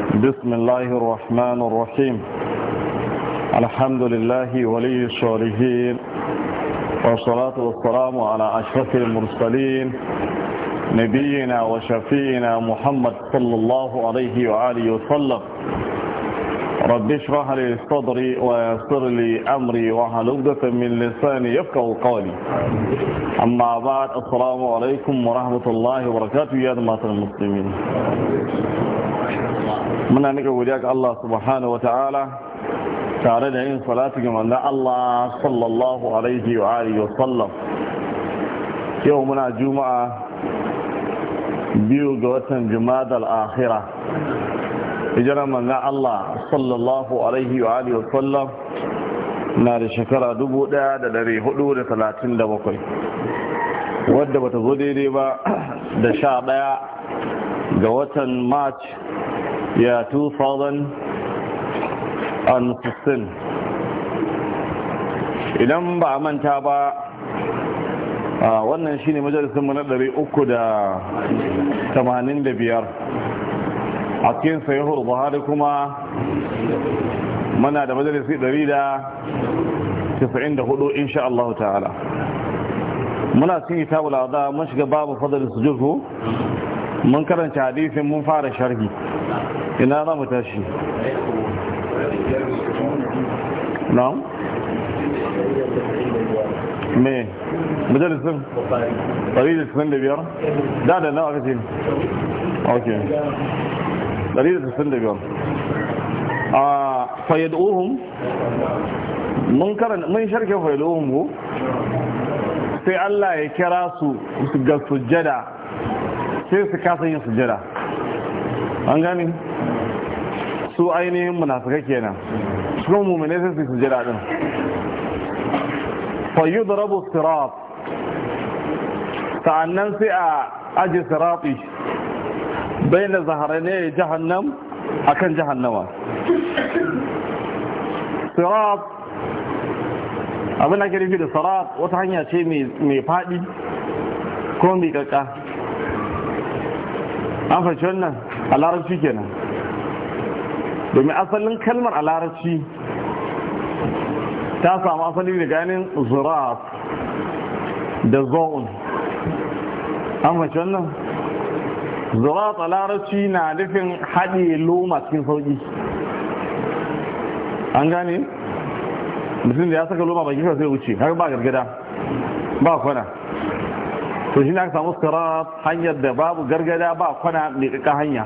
بسم الله الرحمن الرحيم الحمد لله ولي الصالحين والصلاة والسلام على أشرف المرسلين نبينا وشفينا محمد صلى الله عليه وآله وسلم رب اشرح لي صدري ويسر لي امري واحلل عقدة من لساني يفقهوا قولي اما بعد السلام عليكم ورحمة الله وبركاته يا جماعة المسلمين muna nika godiya ga Allah subhanahu wataala tare da yin salati ga manzon Allah sallallahu alaihi wa alihi wa sallam yau muna juma'a biyu ga watan jumadal akhirah hijirar manzan Allah sallallahu alaihi wa alihi wa sallam na da shekara 1437 wadda bata zo daidai ba da sha daya ga watan march ya 2016 idan ba a manta ba wannan shine majalisunmu na 385 a cikin sayuhur buhari kuma muna da majalisi 194 insha Allah ta'ala muna cikin kitabul azza mun shiga babu fadl sujud mun karanta hadisin mun fara sharhi ina za mu tashi na'am me majalisin da da okay a mun mun sharke fayyad'uhum ko sai Allah ya kira su ga sujjada sai su kasa yin sujjada an gani su ainihin suka kenan su kuma mummune sai su sujjada din sirat sai a aji bai da zaharane jahannam a kan jahannama sirat abin ake nufi da sirat wata hanya ce mai faɗi ko mai ƙaƙa an fashe wannan a larabci kenan domin asalin kalmar a larabci ta samu asali da ganin zirat da zo'un an fashe wannan zura larabci na nufin haɗe loma cikin sauƙi an gane mutum da ya saka loma bakin sai wuce har ba gargada ba kwana to shi ne aka samu sirat hanyar da babu gargada ba kwana mai ƙaƙa hanya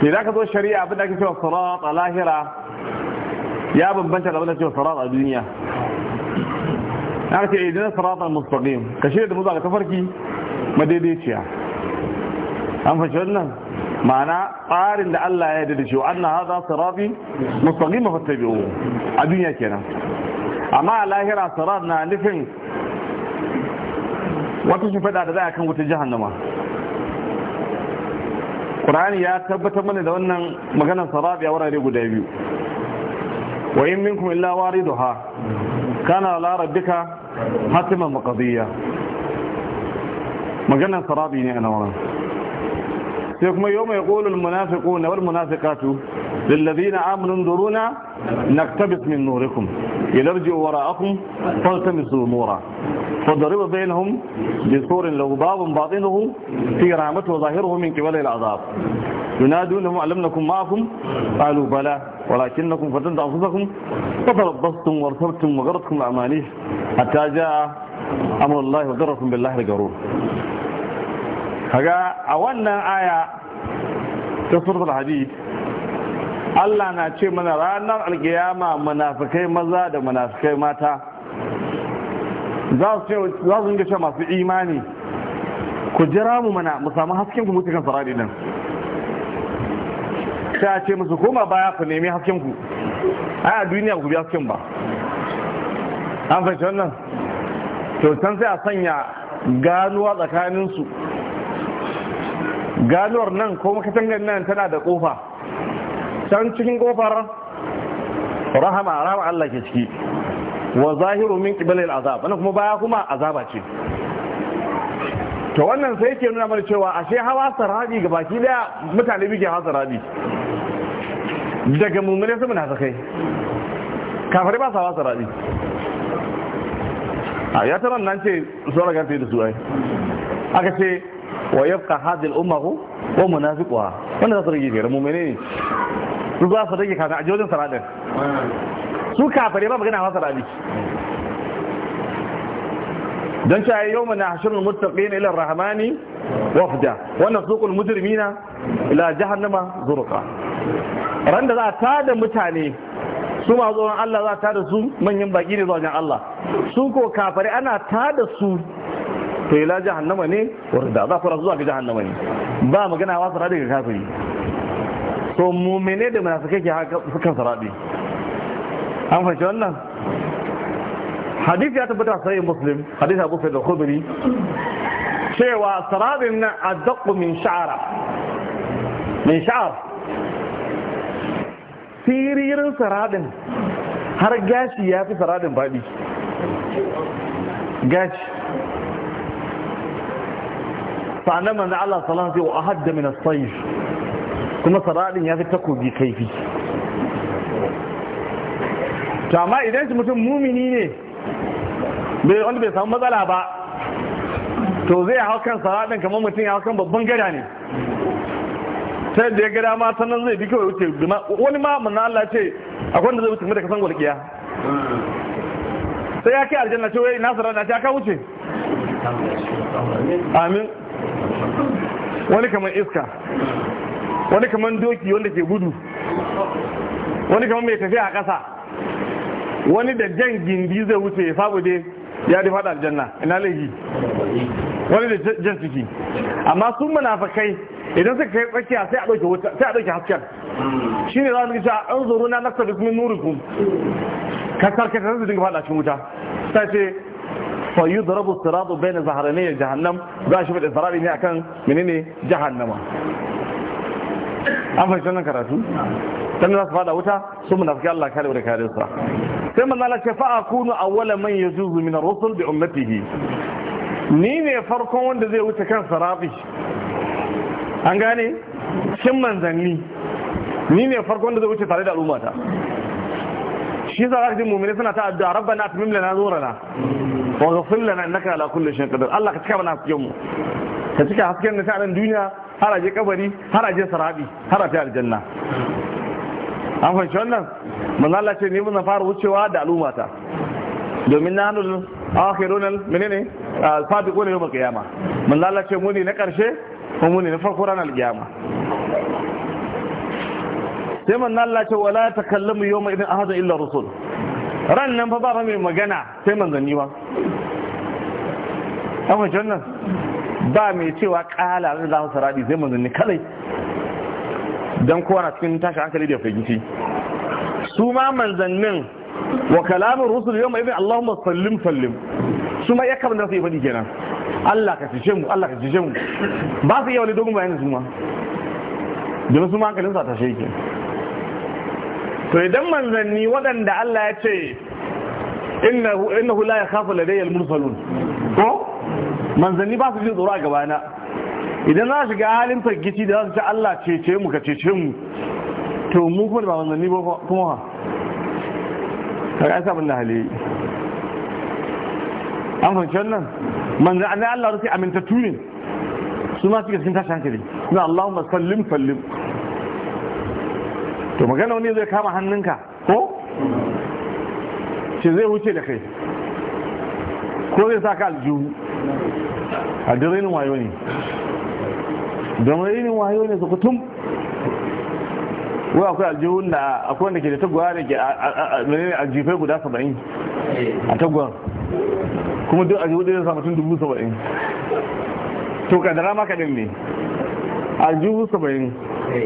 Sai da aka zo shari'a abinda ake cewa sirat a lahira ya bambanta da abinda cewa sirat a duniya na ce idan sirat al-mustaqim ka shirya da mu za tafarki madaidaiciya an fashe wannan ma'ana tsarin da Allah ya yarda da shi anna hadha sirati mustaqima biyu a duniya kenan amma a lahira sirat na nufin wata shi fada da za a kan wutar jahannama Ƙur'ani ya tabbatar mana da wannan maganar sirat a wurare guda biyu wa in minkum illa wariduha kana la rabbika hatiman maqdiya maganar sirat ne a nan كيف kuma yau mai ƙolul munafiku na wal munafikatu lillazi na amunin وراءكم فالتمسوا نورا min فضرب بينهم بسور له باب باطنه في رحمته وظاهره من قبل العذاب ينادونهم ألم نكن معكم قالوا بلى ولكنكم فتنت أنفسكم فتربصتم وارتبتم وغرتكم الأمانيح حتى جاء أمر الله وغركم بالله الغرور kaga a wannan aya ta surfar hadid Allah na ce mana ranar alkiyama munafikai maza da munafikai mata za su dinga ce masu imani ku jira mu mana mu samu hasken ku mutu kan sarari nan sai a ce musu koma baya ku nemi hasken ku a duniya ku bi hasken ba an fahimci wannan to san sai a sanya ganuwa tsakaninsu ganuwar nan ko makatangar nan tana da kofa can cikin kofar rahama rahama Allah ke ciki wa zahiru min qibalil azab wannan kuma baya kuma azaba ce to wannan sai yake nuna mana cewa ashe hawa sarabi ga baki daya mutane bige hawa sarabi daga mummune su muna sakai kafare ba su hawa sarabi a ya taron nan ce su raganta da su ai aka ce wa yabqa hadhihi al-umma wa munafiquha wanda za su rage ne mu ne su za su rage a ajojin saradin su kafare ba magana masa rabi don cewa yau mana hashirin mutaƙin ilar rahamani wafda wannan sukul mutumina ila jahannama zuruka Randa za a tada mutane su ma zuwan Allah za a tada su manyan baki ne zuwa Allah su ko kafare ana tada su to ila jahannama ne warda za ku zuwa ga jahannama ne ba magana wa sara daga kafiri to mu'mine da munafikai ke haka sukan sarabi an fahimci wannan hadisi ya tabbata sahih muslim hadisi abu sa'id al-khudri cewa sarabin nan addaku min sha'ara min sha'ar siririn sarabin har gashi ya fi sarabin baɗi gashi sannan manzo Allah salam zai wa ahadda min as-sayf kuma saradin ya fi takobi kaifi to amma idan shi mutum mumini ne bai wanda bai samu matsala ba to zai hau kan saradin kamar mutum ya hau kan babban gada ne ta yadda ya gada ma sannan zai bi kawai wuce wani ma manzo Allah ce akwai wanda zai wuce mata kasan gwalgiya sai ya kai aljanna ce wai nasara na ta ka wuce amin wani kamar iska wani kamar doki wanda ke gudu wani kamar mai tafiya a ƙasa wani da jan gindi zai wuce ya faɓo dai ya dai da aljanna ina laifi wani da jan ciki amma sun munafakai idan suka kai tsakiya sai a ɗauke wuta sai a ɗauke hasken shi ne za mu ce an zoro na nasa bismin nurikun kasar kasar su dinga faɗa cikin wuta sai sai. fa yudrabu siratu bayna zahranay jahannam za shi bada sarari ne akan menene jahannama an fahimci nan karatu dan za su fada wuta su munafiki Allah kare da kare sa sai manzo Allah ce fa akunu awwala man yazuzu min ar-rusul bi ummatihi ni ne farkon wanda zai wuce kan sarabi an gane shin ni ne farkon da zai wuce tare da al'ummata shi za ka ji mummune suna ta addu'a rabbana atmim lana nurana wa ghafir lana innaka ala kulli shay'in qadir Allah ka cika mana hasken mu ka cika hasken na taron duniya har aje kabari har aje sarabi har aje aljanna an fahimci wannan manzo Allah ce ne mun fara wucewa da al'ummata domin na hannun akhirun menene al-fadiquna yawm al-qiyama manzo Allah ce mu ne na karshe ko mu ne na farko ranar al-qiyama sai manzo Allah ce wala takallamu yawma idin ahadun illa rusul ran nan fa ba fa mai magana sai manzanni ba akwai nan ba mai cewa kala da za su sarari sai manzanni kalai don kowa na cikin tashin hankali da firgici su ma manzannin wa kalamin rusul yau mai bin allahumma sallim sallim su ma ya kamar da su yi faɗi kenan allah ka cishe mu allah ka cishe mu ba su iya wani dogon bayanin su ma domin su ma hankalin sa ta sheke to idan manzanni waɗanda Allah ya ce innahu la yakhafu ladayya al-mursalun ko manzanni ba su ji tsoro a gabana idan za su shiga halin fargiti da za su ce Allah cece mu ka cece mu to mu kuma ba manzanni ba kuma ha kaga ga sabon da hali an fahimci wannan manzan annabi Allah rufi amintattu ne su ma suke cikin tashi hankali na Allahumma sallim sallim to magana wani zai kama hannunka ko ce zai wuce da kai ko zai sa ka aljihu a dirainin wayo ne dirainin wayo ne su kutum wai akwai aljihun da akwai wanda ke da taguwa da ke fai guda saba'in a taguwar kuma duk aljihu ɗaya sa mutum dubu saba'in to kadara maka ɗin ne aljihu saba'in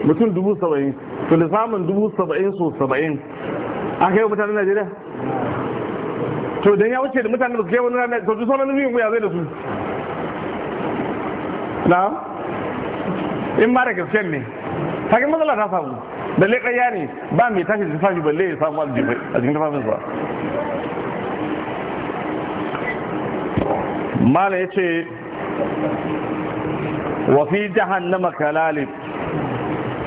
mutum dubu saba'in to da samun dubu saba'in so saba'in a kai mutanen najeriya to don ya wuce da mutanen da su kai wani rana to su sauran nufin ya zai da su na in ma da gaske ne ta kai matsala ta samu da ya ne ba mai tashi da tafafi balle ya samu a jikin tafafinsa mala ya ce wa fi jahannama kalalib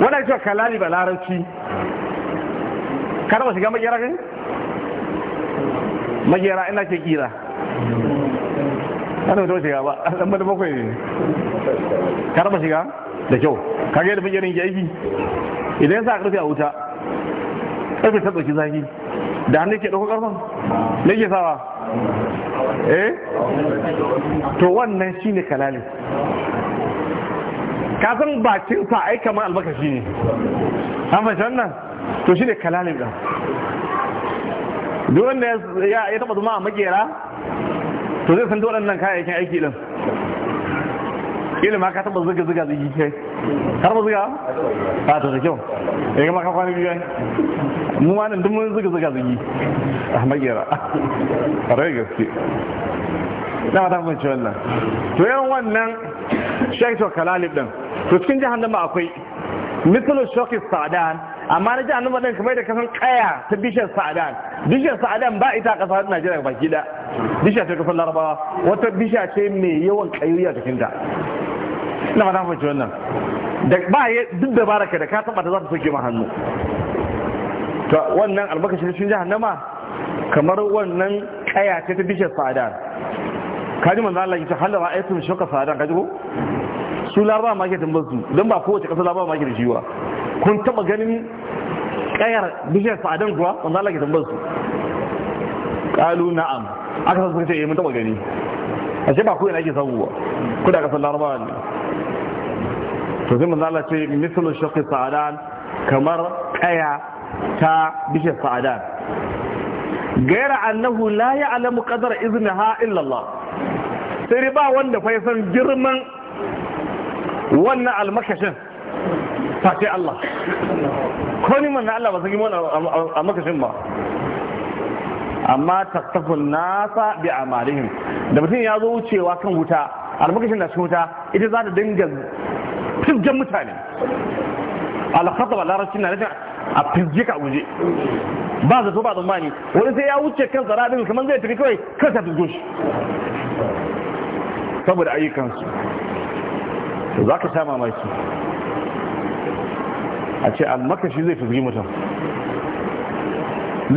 wannan cewa kalali ba larabci kada ba shiga magera kai magera ina ke kira kada ba shiga ba an bada bakwai ne kada ba shiga da kyau kage da magerin ke aiki idan sa karfi a wuta karfi ta tsoki zaki. da hannu ke dauko karfan me ke sawa eh to wannan shine kalali ka san bakin sa ai kamar albakashi ne an fahimci wannan to shi ne kalalin ɗan duk wanda ya taɓa zama a makera to zai san dole nan kayayyakin aiki ɗin ilima ka taba zuga zuga zuga kai har ba zuga ba to da kyau ya eh, gama ka kwana biyu mu ma nan dumin mun zuga zuga zugi a magera a rai gaske na ba ta ci wannan to yawan wannan shaito kalalin ɗin to cikin jahannama akwai misalu shokin sa'adan amma na jahannama ɗin kamar da kasan kaya ta bishiyar sa'adan bishiyar sa'adan ba ita a ƙasar najeriya baki da bishiya ce kasar larabawa wata bishiya ce mai yawan ƙayoyi a jikinta ina ma ta fahimci wannan da ba ya duk da baraka da ka taɓa ta za ta soke ma hannu to wannan albarkacin cikin jahannama kamar wannan kaya ce ta bishiyar sa'adan kaji manzo Allah ya ce halala ayatum shaka sa'adan kaji ko su laraba marketin ba su don ba kowace ƙasa laraba marketin shi wa kun taɓa ganin ƙayar bishiyar sa'adan kuwa wanda Allah ke tambar su ƙalu na'am aka san suka ce eh, mun taɓa gani a ce ba ku yana ake samu ba ku da ƙasar larabawa ne to sai manzo Allah ce mislu shaqqi sa'adan kamar ƙaya ta bishiyar sa'adan gaira annahu la alamu kadar iznaha ha illallah sai ba wanda fa san girman wannan almakashin face Allah ko ni na Allah ba su gimo a makashin ba amma taktafin nasa bi amalihim da mutum ya zo wucewa kan wuta almakashin na cikin wuta ita za ta dinga fizgen mutane alkhataba larabci na nufin a fizge ka guje ba zato ba tsammani wani sai ya wuce kan zarabin kamar zai tafi kawai kan ta fizgo shi saboda ayyukansu za ka sha mamaki a ce almakashi zai fi mutum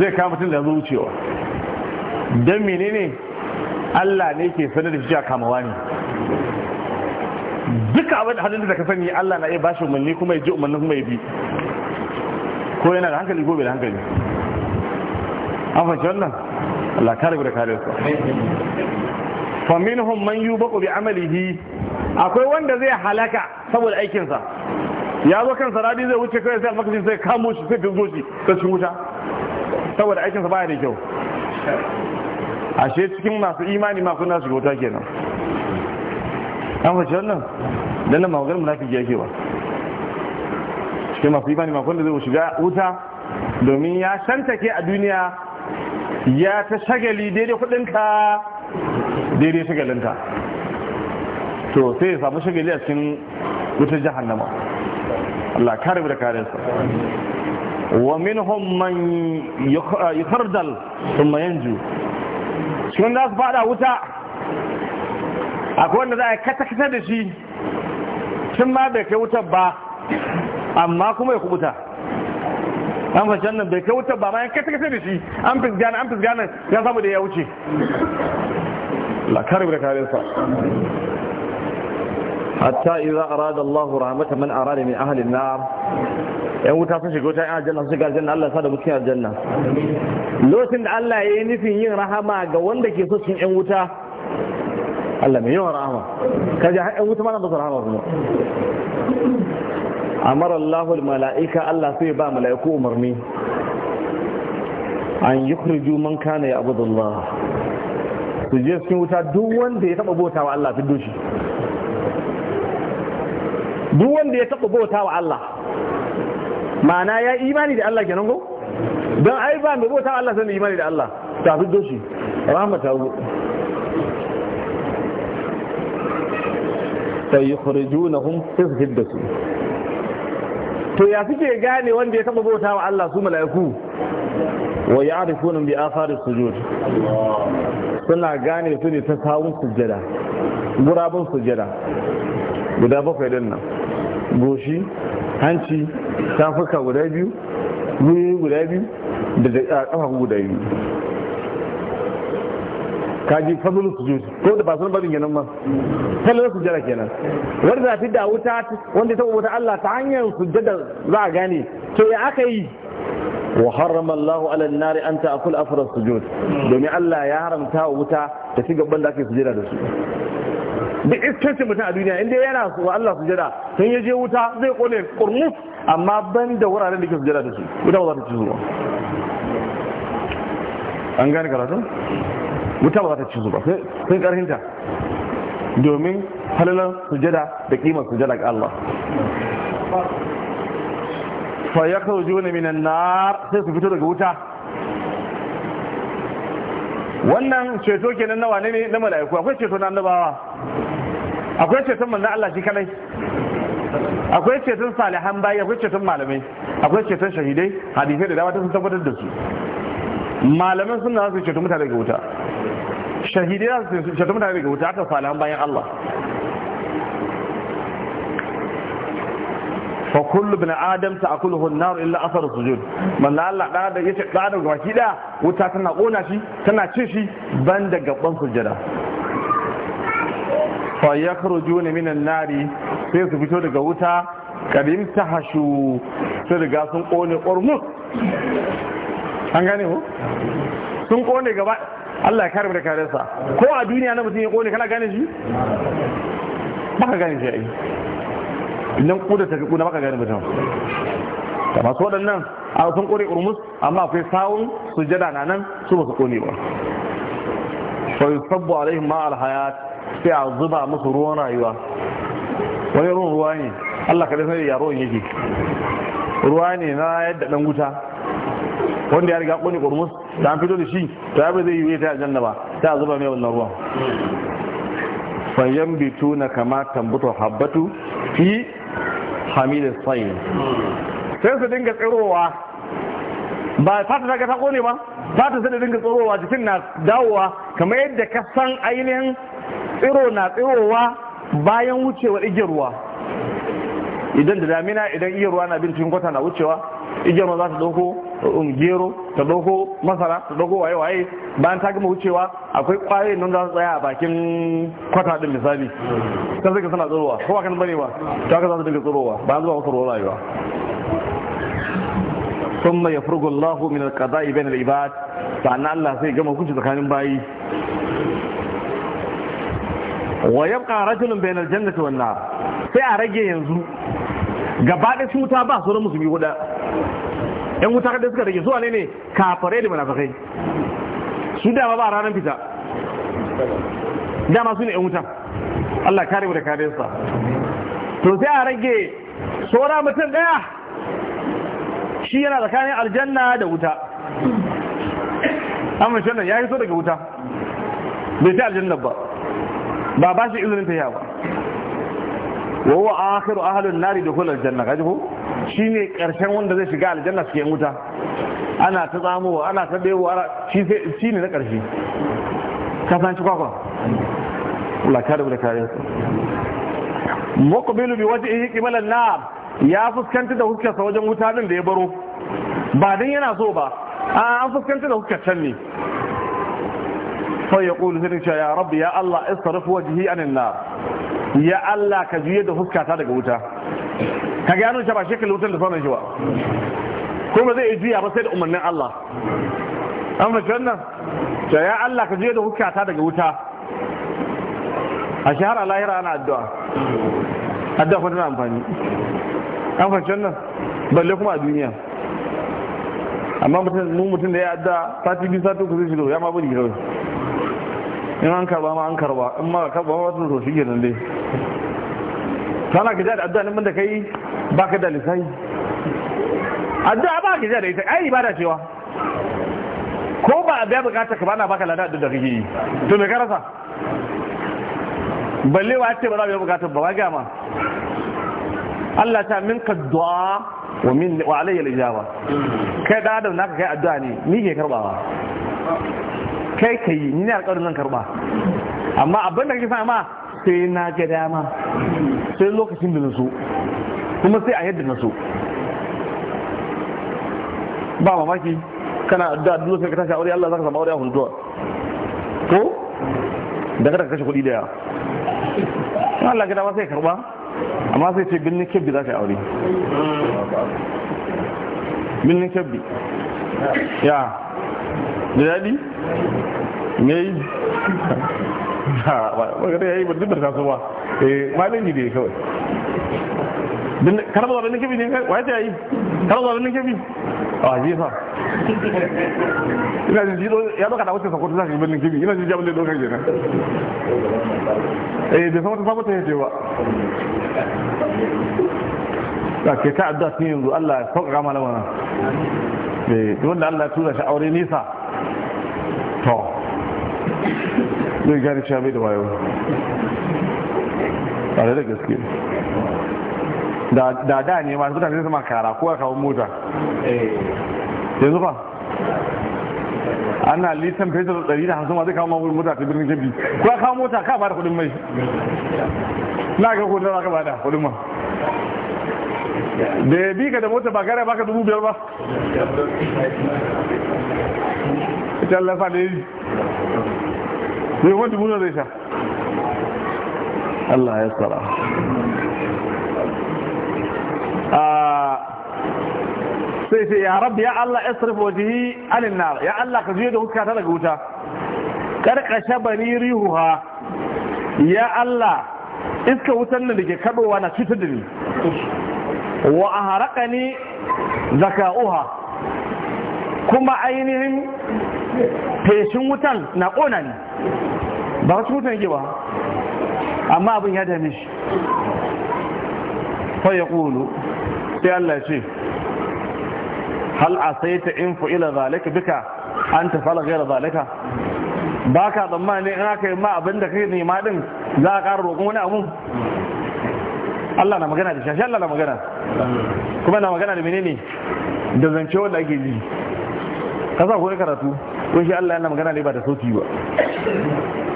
zai kama mutum da zuciwa don menene allah ne ke sanar da shi a kamawa ne duka abin da hannun da ka sani allah na iya bashi umarni kuma ya ji umarni kuma ya bi ko yana da hankali ko bai da hankali an fahimci wannan allah kare da kare su faminhum man yubaqu bi amalihi akwai wanda zai halaka saboda aikinsa ya zo kan sarari zai wuce kawai sai almakashin sai kamo shi sai fizgo shi sai cin wuta saboda aikinsa baya da kyau ashe cikin masu imani masu nasu wuta kenan an fashe wannan dan nan maganar munafiki yake ba cikin masu imani masu wanda zai shiga wuta domin ya shantake a duniya ya ta shagali daidai kudinka daidai shagalinta to sai ya samu shagali a cikin wutar jahannama Allah kare da kare sa wa minhum man yukhardal ah, thumma yanju cikin da su fada wuta akwai wanda za a katakata da shi cin ma bai kai wutar ba amma kuma ya kubuta an fashe nan bai kai wutar ba ma yan katakata da shi an fisgana an fisgana ya samu da ya wuce la kare da kare sa حتى إذا أراد Allahu rahmatan من أراد من أهل النار yan wuta sun shiga wuta yan aljanna sun shiga aljanna Allah ya sa da mutum aljanna lokacin da Allah ya yi nufin yin rahama ga wanda ke so cikin yan wuta Allah mai yawan rahama ji yan wuta ma na ba su rahama kuma amara Allahu mala'ika Allah sai ba mala'iku umarni an yukhriju man kana ya abudullah su je cikin wuta duk wanda ya taba wa Allah fi dushi duk wanda ya taɓa bauta wa Allah ma'ana ya imani da Allah kenan ko don ai ba mai bauta wa Allah sai imani da Allah ta fi doshi rahama ta zo sai yi khurujunahum to ya suke gane wanda ya taɓa bauta wa Allah su mala'iku wa ya'rifuna bi afari sujud suna gane su ne ta sawun sujjada gurabun sujjada guda bakwai din nan goshi hanci tafuka guda biyu gwiwi guda biyu da kafa guda biyu kaji su sujud ko da ba sun barin kenan ba kallon jira kenan wanda za fi da wuta wanda ta wuta Allah ta hanyar jada za a gane to ya aka yi wa harrama Allahu ala an-nar an ta'kul afra sujud domin Allah ya haramta wuta ta ci gaban da ake sujjada da su duk iskancin mutum a duniya inda yana su wa Allah sujada sun ya je wuta zai kone kurmus amma ban da wuraren da ke sujada da su wuta ba za ta ci zuwa an gane karatu wuta ba za ta ci zuwa sun karhinta domin halalar sujada da kimar sujada ga Allah fa ya kawo juna minan na sai su fito daga wuta wannan ceto kenan na wane ne na mala'iku akwai ceto na annabawa akwai ceton manzon Allah shi kadai akwai ceton salihan bayi akwai ceton malamai akwai ceton shahidai hadisai da dama sun tabbatar da su malaman sunna za su ceto mutane daga wuta shahidai za su ceto mutane daga wuta haka salihan bayan Allah fa kullu bin adam ta akuluhu an-nar illa athar sujud la Allah da da yace da da gaki da wuta tana kona shi tana cin shi ban da gaban sujada fa yakhrujun min an-nari sai su fito daga wuta kadim tahashu sai daga sun kone ƙormus an gane ko sun kone gaba Allah ya karbi da karesa ko a duniya na mutum ya kone kana gane shi baka gane shi ai nan da tafi kuna maka gani mutum da masu waɗannan a sun ƙone urmus amma akwai sawun jada na nan su ba su ƙone ba wani sabbu alaihim ma alhayat sai a zuba musu ruwan rayuwa wani ruwan ruwa ne allah ka sai ya ruwan yake ruwa ne na yadda dan wuta wanda ya riga ƙone urmus da an fito da shi to ya bai zai yi ta aljanna ba sai a zuba mai wannan ruwan fayyan bitu na kama tambutu habbatu fi hamilin tsayin sai su dinga tsirowa ba fata ta ta kone ba fata sai da dinga tsirowa jikin na dawowa kamar yadda ka san ainihin tsiro na tsirowa bayan wucewa igiyar ruwa idan da damina idan iya ruwa na bin cikin kwata na wucewa ijama za ta dauko um, gero ta dauko masara ta dauko waye waye bayan ta gama wucewa akwai kwayoyin nan za su tsaya a bakin kwata din misali kan sai ka sana tsirowa ko ba kan bane ba ta ka za su dinga tsirowa bayan zuwa wasu rayuwa ثم يفرغ الله من القضاء بين العباد فان الله سي gama kunci tsakanin bayi wa yabqa rajulun bainal jannati wan nar sai a rage yanzu gaba da su wuta ba sauran musulmi huda yan wuta kadai suka rage zuwa ne ne kafare da munafikai su dama ba ranar fita dama su ne yan wuta Allah kare mu da kare sa to sai a rage saura mutum daya shi yana tsakanin aljanna da wuta amma shi ya yi so daga wuta bai sai aljanna ba ba ba shi izinin ta yawa wa huwa akhiru ahlun nari dukhul aljanna kaji ko shine karshen wanda zai shiga aljanna cikin wuta ana ta tsamo ana ta dewo shi shine na karshe ka san ci kwakwa Allah ka rubuta kare su muqbilu bi wajhihi qibal an-nar ya fuskanta da huskarsa wajen wuta din da ya baro ba din yana so ba an fuskanta da hukka can ne sai ya kulu sai ya rabbi ya Allah istarif wajhi an nar ya Allah ka juye da fuskata daga wuta ka ga yanon ba shekala wutar da fara shi ba kuma zai juya ba sai da umarnin Allah an fashe wannan ta ya Allah ka juye da fuskata daga wuta a shahara lahira ana addu'a addu'a kuma tana amfani an fashe wannan balle kuma a duniya amma mutum da ya adda sati biyu sati uku zai shigo ya ma budi kawai in an karba ma an karba in ma karba ma wata to ke nan dai kana ka ja da addu'a nan da kai baka da lisai addu'a ba ka ja da ita ai ibada cewa ko ba a biya bukatar ka bana baka lada da kake yi to me ka rasa balle wa ce ba za a biya bukatar ba ga ma Allah ta ka du'a wa min wa alayya al-ijaba kai da adam naka kai addu'a ne ni ke karbawa kai ka yi ni ne alƙawarin zan karba amma abin da kake sa ma sai na ga dama sai lokacin da na so kuma sai a yadda na so ba mamaki kana da duk sai ka tashi aure Allah zaka samu aure a hunduwa ko da kada ka kashe kuɗi da ya Allah gida ba sai karba amma sai ce binne kebbi za ka aure binne kebbi ya da daɗi me ba ya yi eh, ba duk da ba eh malami ne kawai kana ba zaɓen kabi ne wa ya yi kana zaɓen kabi a ji fa ina jin do ya baka da wata sakwato za ka yi birnin kabi ina jin jabin da dokar kenan eh da sakwato sakwato ya ce ba da ke ta adda ne yanzu Allah ya sauƙaƙa mana wannan eh wanda Allah ya tura shi aure nisa to zai gani cewa mai da wayo a da gaske da da ne ma mutane zai sama kara ko a kawo mota eh. yanzu zuwa ana litan fetur ɗari da hamsin ma zai kawo mawuri mota ta birnin kebbi ko a kawo mota ka ba da kudin mai na ga kudin da ka ba da kudin ma da ya bi ka da mota ba ba ka dubu biyar ba ita lafa da mai wanda muna zai sha Allah ya tsara ah, sai sai ya rabbi ya Allah ya sarrafa wajihi alin nar ya Allah ka zuye da wuta, ta daga wuta karkashe bari rihuha ya Allah iska wutan nan da ke kadowa na cutar da ni wa a haraka ni zaka'uha kuma ainihin feshin wutan na ƙona ne ba wasu wutan yake ba amma abin ya dame shi fa ya ƙulu sai Allah ce hal a sai ta in ila zalika bika an tafala gaira zalika ba ka tsammani in aka yi ma abin da kai nema din za a ƙara roƙon wani abu Allah na magana da shashi Allah na magana kuma na magana da menene da zance wanda ake ji ka sa kuwa karatu ko shi Allah yana magana ne ba da sauti ba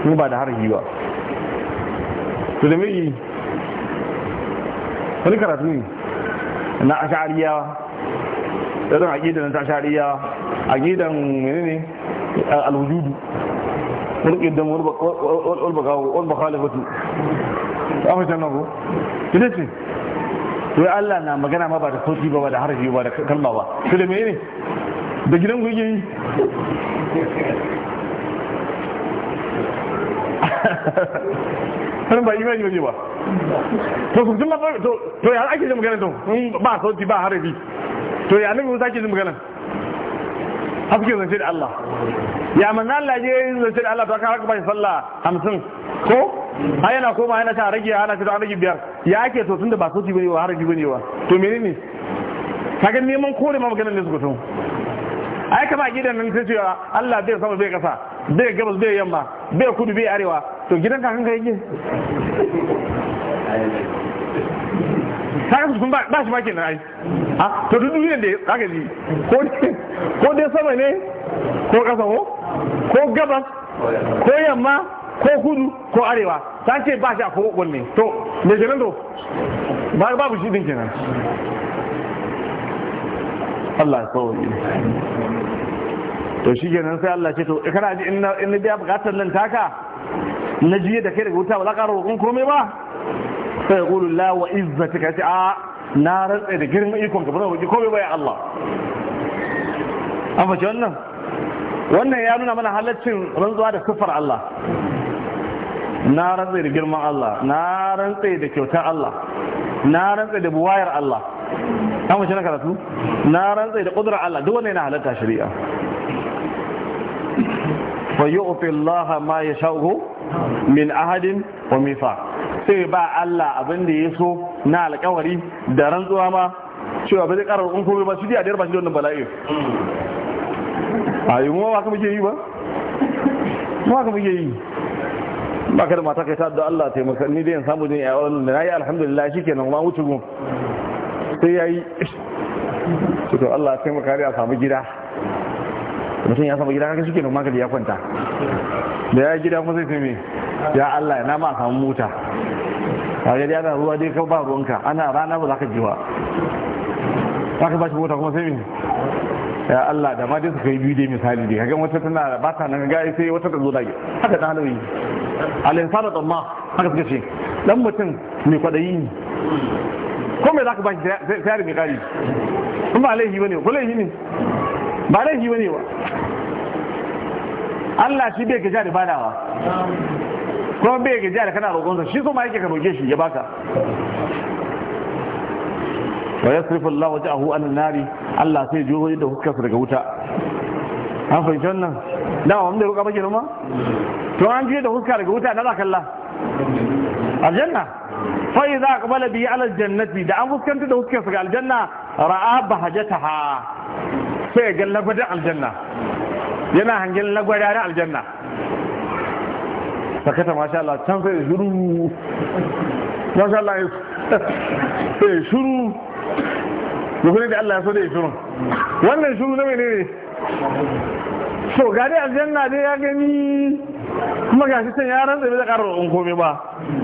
ko ba da harhi ba to da mai wani karatu ne na ashariya da don aqidan ta ashariya aqidan menene al-wujudu murqidan wal baqawu wal mukhalafatu amma sannan ko kidace to Allah na magana ma ba da sauti ba ba da harfi ba da kalma ba to da ne. da gidan ku yi sanin ba imani waje ba to su tun lafa to ya ake jin magana don ba sauti ba harabi to ya nabi musa ake jin magana har zance da Allah ya manna Allah je zance da Allah to aka haka bai shi sallah hamsin ko a yana koma yana ta rage ana ta rage biyar ya ake to tun da ba sauti bane wa harabi bane wa to menene ka ga neman kore ma maganar ne su gutun ai kama gidan nan sai cewa Allah bai sama bai kasa bai gabas bai yamma bai kudu bai arewa to gidan ka ka yake kaga sun ba shi makin ai a ah, to duk duniyar da zaka ji ko dai sama ne ko kasa ko ko gabas ko yamma ko kudu ko arewa ta ce ba shi a ne. to me kenan to babu shi din kenan Allah ya ne to shi nan sai Allah ce to kana ji in na biya bukatar nan taka na jiye da kai daga wuta ba za ka roƙon komai ba sai ya ƙulu la wa izzati ka ce a na rantsa da girman ikon ka ba zan roƙi komai ba ya Allah amma ce wannan wannan ya nuna mana halaccin rantsuwa da siffar Allah na rantsa da girman Allah na rantsa da kyautar Allah na rantsa da buwayar Allah an wace na karatu na rantsai da ƙudurar Allah duk wanda yana halatta shari'a fa yu'ti Allah ma yasha'u min ahadin wa mifa sai ba Allah abin da ya so na alƙawari da rantsuwa ma cewa ba zai karar in komai ba shi a yadda ba shi da wannan bala'i a yi mu ba ka muke yi ba mu ka muke yi ba ka da mata kai ta da Allah taimaka ni da in samu ne a wannan na yi alhamdulillah shikenan ma wuce gum sai ya yi to Allah sai makari a samu gida mutum ya samu gida haka suke noma gari ya kwanta da ya gida kuma sai me ya Allah na ma a samu mota a gari ana ruwa dai ka ba ruwanka ana rana ba za ka jiwa za ka ba shi mota kuma sai me ya Allah da ma dai suka yi biyu dai misali dai kaga wata tana ba ta nan ga sai wata ta zo da haka ta halayi al-insanu tsamma, haka suka ce dan mutum mai kwadayi ne ko mai za ka ba shi tayar mai gari in ba laifi ba ne ko laifi ne ba laifi ba ne ba Allah shi bai gaja da badawa kuma bai gaja da kana sa. shi kuma yake ka roƙe shi ya baka wa yasrifu Allah wajhahu an nari Allah sai juho da huskarsa daga wuta an fahimci wannan da wa da roƙa ba kenan ma to an je da huska daga wuta na zakalla aljanna fa idza aqbala bihi ala aljannati da an fuskanta da fuskar ga aljanna ra'a bahajataha sai ga lagwadar aljanna yana hangen lagwadar aljanna sakata masha Allah can sai shuru masha Allah sai shuru da da Allah ya so da shuru wannan shuru na menene so ga dai aljanna dai ya gani kuma gashi can ya rantsa bai da karar in komai ba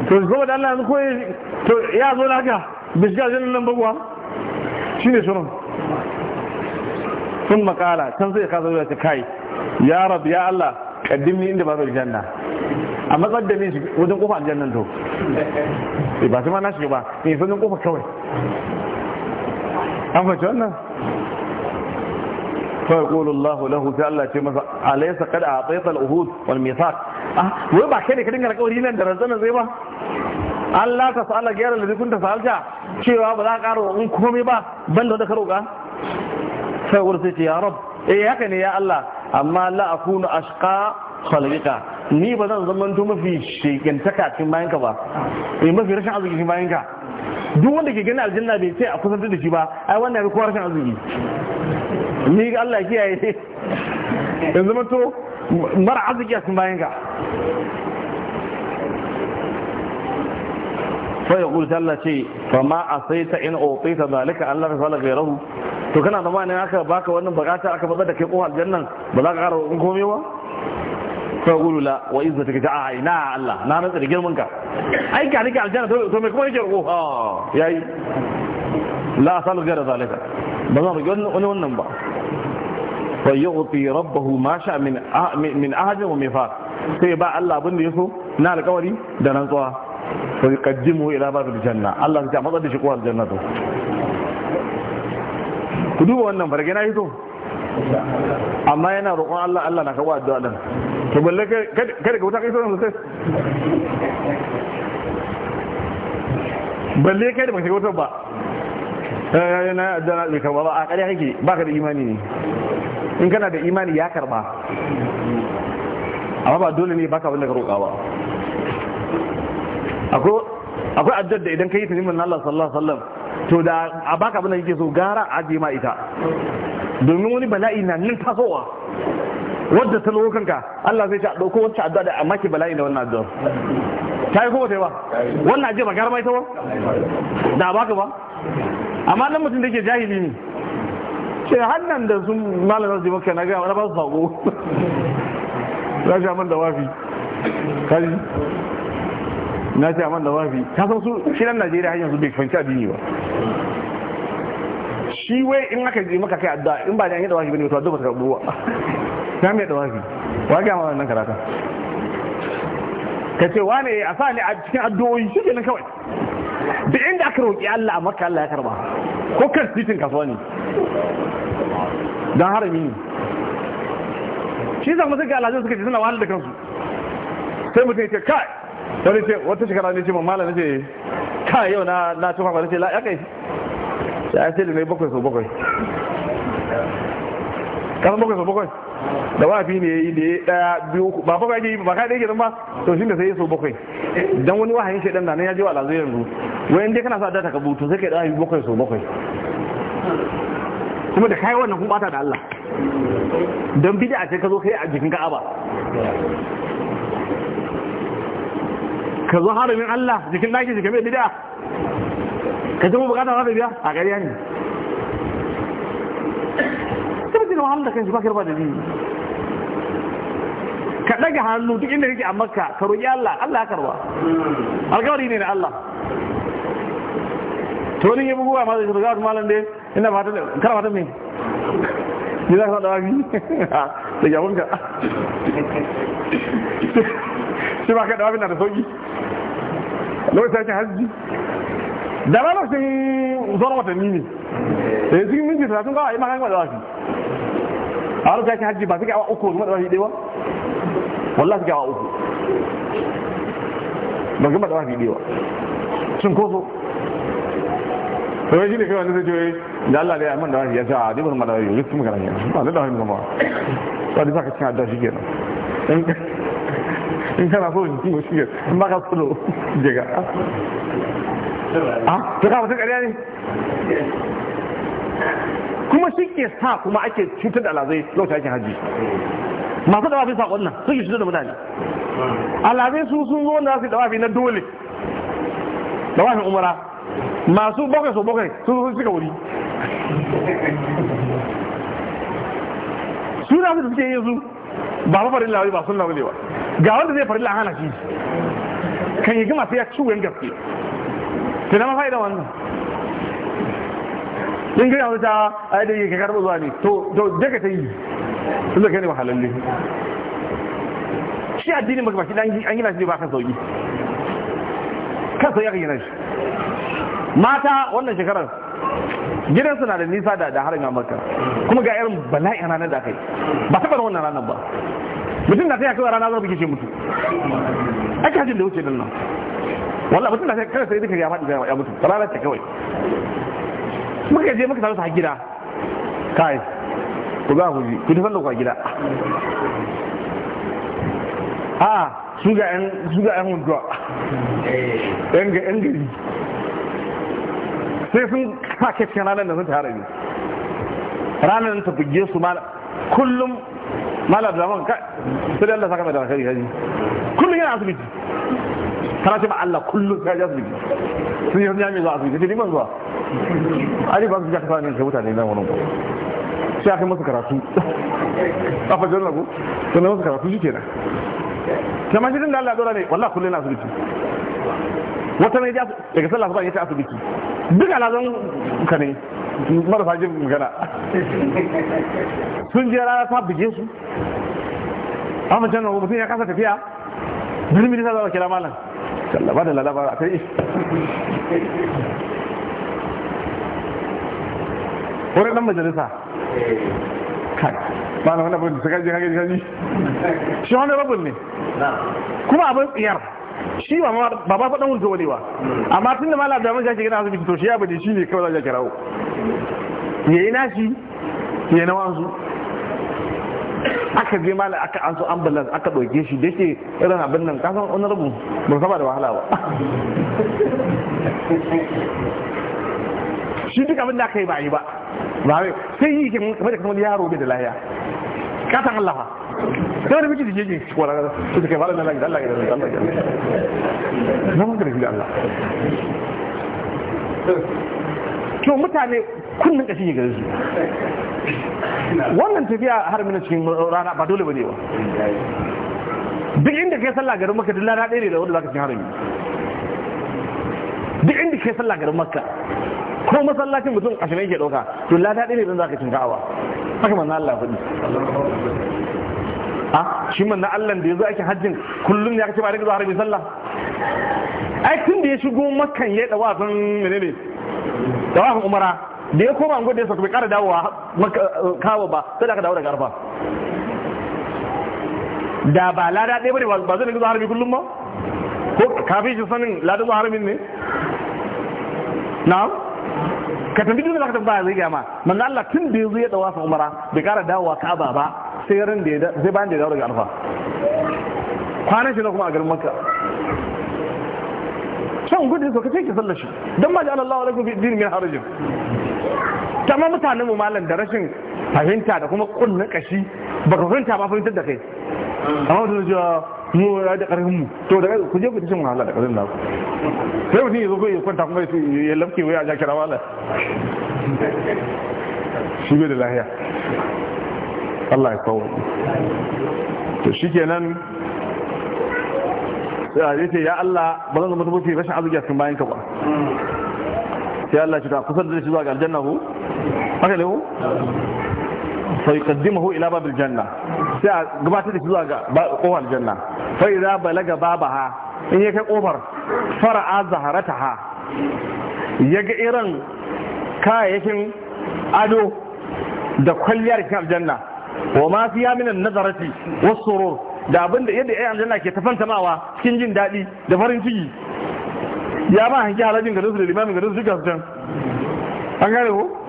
to ko da Allah yanzu koyi to ya zo na haka bai shiga aljanna nan ba kuwa shine shirin sun makala kan sai ka zo da ta kai ya rab ya Allah kaddimni inda ba zai janna a matsar da ne wajen kofa aljannan to eh, ba su ma na shi ba ne eh, sanin kofa kawai an fahimci wannan fa yaqulu Allahu lahu sai Allah ce masa alaysa qad a'tayta al-uhud wal mithaq ah wai ba kai ne ka dinga alƙawari nan da rantsana zai ba Allah ta sa'ala gyara da kunta sa'alta cewa ba za ka ƙara in komai ba ban da ka roƙa sai wurin sai ce ya rab eh haka ne ya Allah amma la akunu ashqa khalqika ni ba zan zama to mafi shekantaka cikin bayanka ba eh mafi rashin arziki cikin bayanka duk wanda ke gani aljanna bai sai a kusantar da shi ba ai wannan ya kowa rashin arziki ni ga Allah kiyaye ne yanzu mato mara arziki sun bayan ka fa ya kulta Allah ce fa ma asaita in utita ta zalika Allah ya fala ghayruhu to kana da ne aka baka wannan bukata aka bazar da kai kowa aljannan ba za ka ƙara in komai ba fa qul la wa izza taka ta ina Allah na nan da girman ka ai ka rike aljanna to me kuma yake ha ah, yayi la asal gaira zalika ba mu gani wani wannan ba wa yughti rabbahu ma sha min min ahadin wa mifaq sai ba Allah abin da yaso na alƙawari da nan rantsuwa wa kaddimu ila babil janna Allah ya matsa da shi kuwa aljannatu ku duba wannan farge na hito amma yana roƙon Allah Allah na kawo addu'a din to balle kada ka wuta kai sauran sai balle kai da baka shiga wuta ba Eh, ya na addana bai karba ba a ƙarya kake ka da imani ne in kana da imani ya karba amma ba dole ne baka wanda ka roƙa ba akwai addar da idan ka yi ta neman Allah sallallahu alaihi wasallam to da a baka abin da yake so gara a je ma ita domin wani bala'i na nan tasowa wadda ta lokan ka Allah zai ta dauko wancan addu'a da amma ki bala'i da wannan addu'a ta yi kuma ta yi ba wannan aje ba gara ma ita ba da a baka ba amma nan mutum da ke jahili ne ce hannun da sun malar su maka na gaya wani ba su sako na shi man da wafi kaji na shi man da wafi ta san su shi nan najeriya hanyar su bai fanci addini ba shi wai in aka ji maka kai addu'a in ba da an yi da wafi bane to addu'a ba ta karbu ba na mai da wafi wa ga ma wannan karata ka ce wane a sa ni a cikin addu'o'i shi ne kawai da inda aka roƙi Allah a maka Allah ya karba ko kan titin kasuwa ne don harami ne shi zama suka alhaji suka ce suna wahala da kansu sai mutum ya ce kai wani ce wata shekara ne ce mamala na ce kai yau na na tufa na ce ya kai ya sai da mai bakwai sau bakwai kasan bakwai sau bakwai da wafi ne da ya daya biyu ba fa kake ba ka dai ba to ne sai ya so bakwai dan wani wahayin dan nan ya je wa lazo yanzu wai in dai kana sa data ka buto sai kai dai bakwai so bakwai kuma da kai wannan kun bata da Allah dan bid'a ce ka zo kai a jikin Ka'aba ka zo haramin Allah jikin ɗakin jikin mai bid'a ka ji mu bukata za ta biya a ƙarya ne ka wahala da kanshi bakar ba da dini ka daga hannu duk inda kake a makka ka roƙi Allah Allah ya karba alƙawari ne na Allah to ne ya bugu a mazai shi ga malam dai ina fata da kar fata me ni za ka da wani da yawon ka shi ba ka da wani na da sauki lokacin ake hajji da ba lokacin zuwa watanni ne da yanzu minti 30 kawai ma kan gwa da wani a wani sake hajji ba suke awa uku kuma da ɗewa wallah suke awa uku ba gama da ɗewa sun koso sai shi ne kai wani sai da Allah da ya man da ya ce a dubar ma da wafi magana ya ba da wafi zama ba da saka cin adda shi kenan in kana so jikin ko shi ke in ba ka tsoro jega a ah, ta kafa ta ƙarya ne kuma shi ke sa kuma ake cutar da alazai lokacin aikin hajji masu dawafi sakon nan suke cutar da mutane alazai su sun zo wanda su yi dawafi na dole dawafin umara masu bakwai so bakwai sun zo suka wuri na su suke yin su ba ba farin lawai ba sunna bane ba ga wanda zai farin lahana shi kan yi gama sai ya ciwon gaske sai nama fa'ida wannan in gina ta a yadda yake karɓar zuwa ne to daga ta yi sun zaka ne ba halalle shi addinin maka baki an gina shi ne ba kan sauki kan sauki aka gina shi mata wannan shekarar gidan suna da nisa da da harin amurka kuma ga irin bala'in ranar da aka yi ba taɓa da wannan ranar ba mutum na sai a kawai rana zuwa bikin shi mutu ake hajji da wuce nan nan wallah mutum na sai kawai sai duka ya faɗi ya mutu ranar ta kawai muka je muka tarasa gida kai ku ga ku ku ta sallar ku gida a su ga yan su ga yan hunduwa yan ga yan gari sai sun sa ke cikin ranar da sun tare ne ranar ta buge su ma kullum malar da zaman ka sai Allah saka mai da kai kaji kullum yana asibiti kana ce ba Allah kullum ya ji asibiti sun yi sun yami zuwa asibiti sai ni ban zuwa ari ba su ga kasa ne sai mutane nan wurin sai aka masa karatu a fajar lagu sai masa karatu shi kenan kamar din da Allah dora ne wallahi su biki wata ne daga sallah ba ya ta su biki duka lazon ka ne mara jin magana sun je rana ta buge su amma can nan mutum ya kasa tafiya birnin minista za a kira malam sallaba da lalaba a kai wurin nan majalisa kai malam wani abin da suka je kage kage shi wani rabin ne kuma abin tsiyar shi ba ba ba faɗin wurin wani ba amma tun da ma labarai mun shi gina su to shi ya da shi ne kawai za ka kirawo yi nashi yayi na wanzu aka je mala aka an so ambulance aka ɗauke shi da ke irin abin nan kasan wani rabu ba saba da wahala ba shi duk abin da aka yi ba yi ba ba wai sai yi kin kamar da kamar yaro bai da lahiya ka san Allah fa sai da miki da ki ko la to kai wala Allah Allah Allah na mun gari Allah to mutane kunnin kashi ne gare su wannan tafiya har mina cikin rana ba dole bane ba duk inda kai sallah garin maka duk rana ɗaya ne da wanda zaka cikin harami duk inda kai sallah garin maka. ko masallacin mutum a shirin ke ɗauka to lada ɗaya ne don za ka cin ka'awa haka na Allah kuɗi a ah, shi na Allah da ya zo ake hajjin kullum ya kace ba rika zuwa harbi sallah ai tun da ya shigo makan ya dawa san menene dawa umara da ya koma angon da ya sauka bai ƙara dawowa kawo ba sai da aka dawo daga arfa da ba lada ɗaya bane ba zai rika zuwa harbi kullum ba ko kafin shi sanin lada zuwa harbin ne na'am ka tambi duk da zaka tambaya zai gama manzo Allah tun da yazo ya da fa umara bai kara dawowa Ka'aba ba sai ran da zai da dawo daga alfa kwanan shi na kuma a garin Makka shan gudu so kace ki sallar shi dan ma ja'ala Allahu lakum fi din min harajin ma mutanen mu malam da rashin fahimta da kuma kunna kashi baka fahimta ba fahimtar da kai amma da mu ra da karfin mu to da ku je ku tashin wahala da karfin naku sai mutum ya zo ya kwanta kuma ya lamke waya ja kira wala shi bai da lahiya Allah ya kawo to shikenan sai ya ce ya Allah ba zan zama mutum rashin abu a bayan ka ba sai Allah shi ta kusa da shi zuwa ga aljanna ko haka ko fa yuqaddimuhu ila babil janna sai a gabatar da shi zuwa ga kofar janna fa idza balaga babaha in ya kai kofar fara'a zaharataha ya ga irin kayayyakin ado da kwalliyar cikin aljanna wa ma fiya minan nazarati was surur da abinda yadda ayan aljanna ke tafantamawa cikin jin daɗi da farin ciki ya ba hanki halajin ga su da limamin ga su duka su an gane ko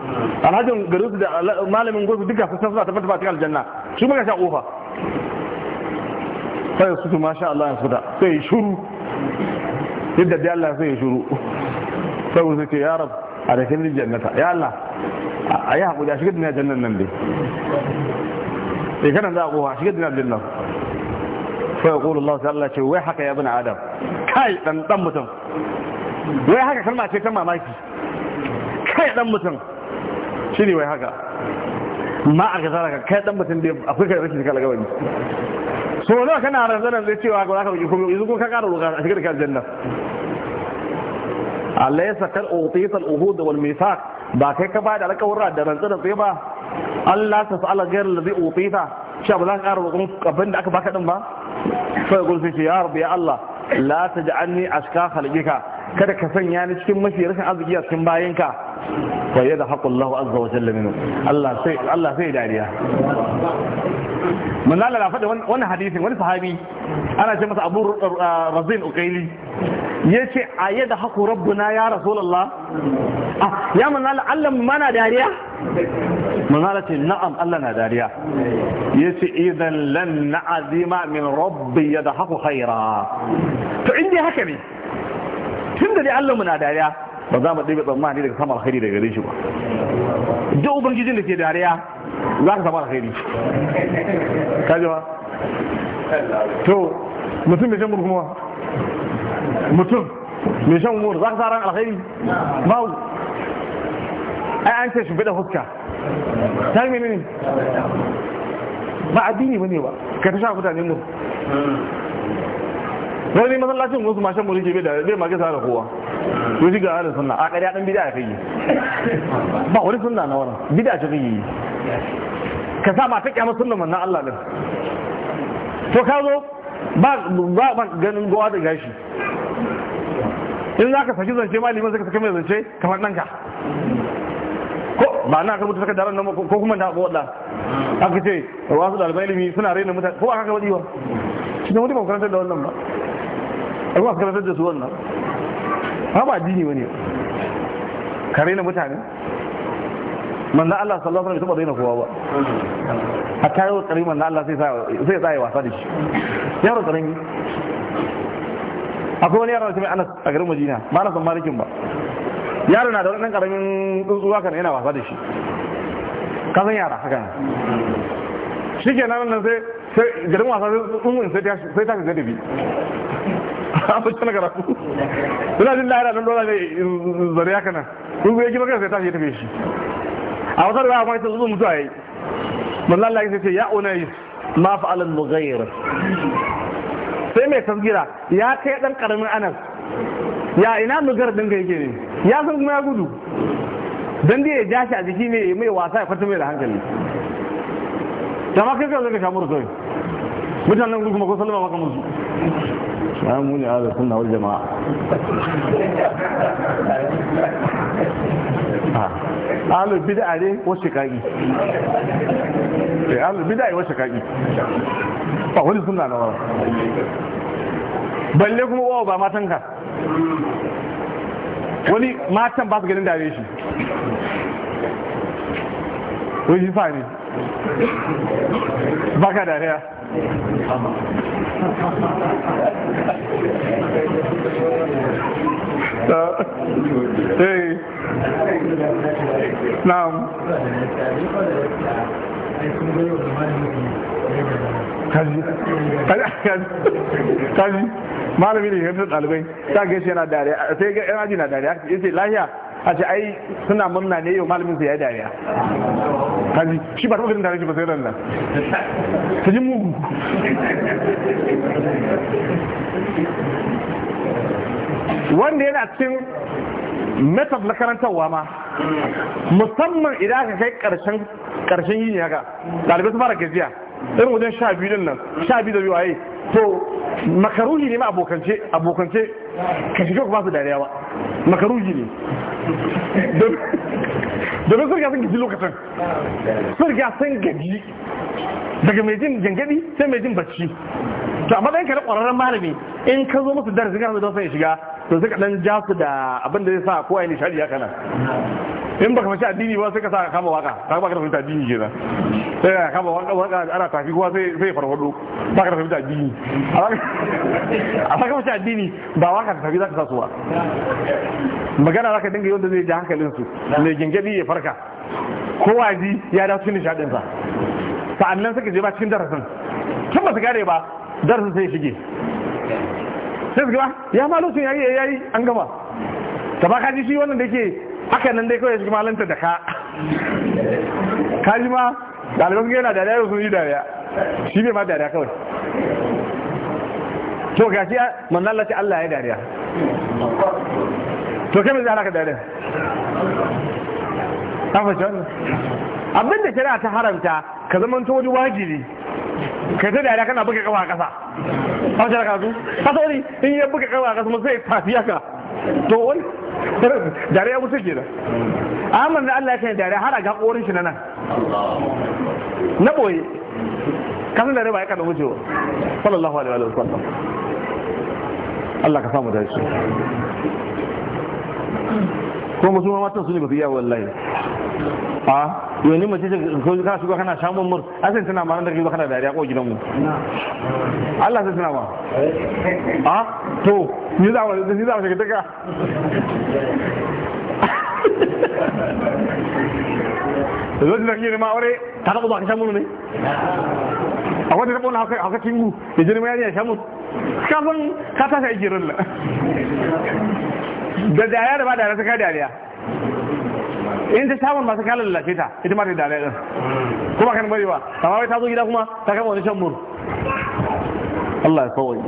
alhajin garinsu da malamin gosu duka su suna tabbata ba cikin aljanna su maka sha kofa sai su ma sha Allah ya fita sai shuru yadda da Allah sai shuru sai su ce ya rab a da kin jannata ya Allah a yi hakuri a shiga dunya jannan nan dai sai eh, kana za a kofa shiga dunya jannan sai yaqulu Allah ta'ala ce wai haka ya ibn adam kai dan dan mutum wai haka kalma ce ta mamaki kai dan mutum shi ne wai haka ma a gasa daga kai dan mutum da akwai kai rashin kala gabani so nawa kana ranzanar zai cewa ga zaka kuma yanzu ko ka kara roƙa a cikin aljanna Allah ya sakar utita al-uhud wal mithaq ba kai ka bada alƙawarin da ranzanar zai ba Allah ta sa'ala ghayr zai utita sha ba za ka kara roƙon abin da aka baka din ba sai ya rabbi ya Allah la taj'alni ashka khalqika kada ka sanya ni cikin mafi rashin arziki a cikin bayanka wa yadda haƙullahu azza wa jalla minu Allah sai dariya manzala na faɗi wani hadisin wani sahabi ana ce masa abu ah, razin ukaili ya ce a yadda haku rabbuna ya rasulallah ah, ya manzala Allah ma na dariya manzala ce na'am Allah na dariya ya ce idan lan na'azima min rabbi yadda haku khaira to inda haka ne tun da dai Allah mu na dariya ba za mu ɗebe tsammani daga sama alkhairi daga gare shi ba duk ubangijin da ke dariya za ka sama alkhairi ka ji ba to mutum mai shan burkuma mutum mai shan gurguma za ka sa ran alkhairi bawu ai an ce shi bada hukka ta yi ne ba addini ba ne ba ka ta sha mutane mu wani masallacin wasu mashan mu ke bai ma sa da kowa to shi ga halin sunna a ƙarya dan bid'a kai ba wani sunna na wani bid'a ce kai ka sa ma ta kyamar sunnan manna Allah din to ka zo ba ban ganin gowa da gashi in za ka saki zance ma liman zaka saka mai zance kamar ɗanka ko ba na ka mutu saka daren nan ko kuma da ko wadda aka ce wasu dalibai ilimi suna raina mutane ko aka ka wadiwa shi da wani ba karanta da wannan ba Allah suka rasar da su wannan ba ba addini bane ka raina mutane manzan Allah sallallahu alaihi wasallam bai na kowa ba a tayo tsari manzan Allah sai ya tsaye wasa da shi yaro karami akwai wani yaro da mai Anas a garin Madina ba na san malikin ba yaro na da wani karamin tsuntsuwa kan yana wasa da shi ka san yara haka shi ke nan sai garin wasa sai tsuntsun sai ta shiga da biyu a fi cikin karatu suna jin lahira don dole zare haka nan kun guye gina kansa ya tafi ya tafi shi a wata da ba ta zuwa mutuwa yi manzo Allah ya ce ya unais ma fa'al al-mughayr sai mai tasgira ya kai dan karamin anas ya ina nugar din ga ne ya san kuma ya gudu dan dai jashi a jiki ne mai wasa ya kwata mai da hankali jama'a kai ka zo ka shamur mutanen gudu kuma ko maka musu na muni a da suna wani jama'a ahalar da are wasu kaƙi ahalar bida ne wasu kaƙi ba wani suna na wara balle kuma wawa ba matan ka wani matan ba su ganin dare shi wani shi sa ne ba ka dariya Uh, na'am kaji kaji malami ɗalibai ta gaishe na dariya sai na dariya lahiya a ce ai suna murna ne yau malamin su ya dariya kaji shi ba taɓa tare shi ba sai ran nan ta ji mugu wanda yana cikin metaf na karantarwa ma musamman idan aka kai karshen yin yaga ɗalibai su fara gajiya irin wajen sha biyu nan sha biyu da biyu waye to makaruhi ne ma abokance abokance ka shiga ku ba su dariya ba makaruhi ne domin sun sun gaji lokacin sun san gaji daga mai jin jangadi sai mai jin bacci to amma dan ka da malami in ka zo musu darasi kana don sai shiga to sai ka dan ja su da abin da zai sa ko ai nishadi ya kana in baka fashi addini ba sai ka sa ka kama waka ka baka da fahimta addini kenan sai ka kama waka waka ana tafi kowa sai sai farfado baka da fahimta addini amma ka fashi addini ba waka tafi za ka sa su ba magana zaka ka dinga yadda zai hankalin su mai gingadi ya farka kowa ji ya dace sa sa'annan suka je ba cikin darasin tun ba su gare ba darsa sai shige sai su gaba ya ma sun yayi yayi an gama ta ba kaji shi wannan da ke haka nan dai kawai shi malanta da ka kaji ma dalibai sun yana dariya sun yi dariya shi bai ma dariya kawai to ga shi man lati Allah ya dariya to kai mai zara ka dariya ta fashe wannan abinda shari'a ta haramta ka zama to wani wajibi kai ta dariya kana buga kawa a kasa a wajen kasu kasa wani in yi buga kawa a kasa masu tafiya ka haka to wani dariya mutu ke da amur da allah ya kai dariya har a ga ƙorin shi na nan na boye kasan dariya ba ya kada wucewa sallallahu alaihi wa sallam allah ka samu shi ko musu ma matan su ne ba su iya wallahi a yau ni mace ko kana shigo kana shamun mur asan tana ma da kana dariya ko gidan mu Allah sai tana ba a to ni za wa ni za wa shiga taka lokacin da kake ma aure ta taba ka shamun ne a wata rabon haka haka kingu da jirma yariya shamun kafin ka tasa igirin la da dariya da ba dariya ta kai dariya in ta samun masu kalar lalace ta ita ma ta dariya din kuma kan bari ba amma wai ta zo gida kuma ta kama wani shan Allah ya kawai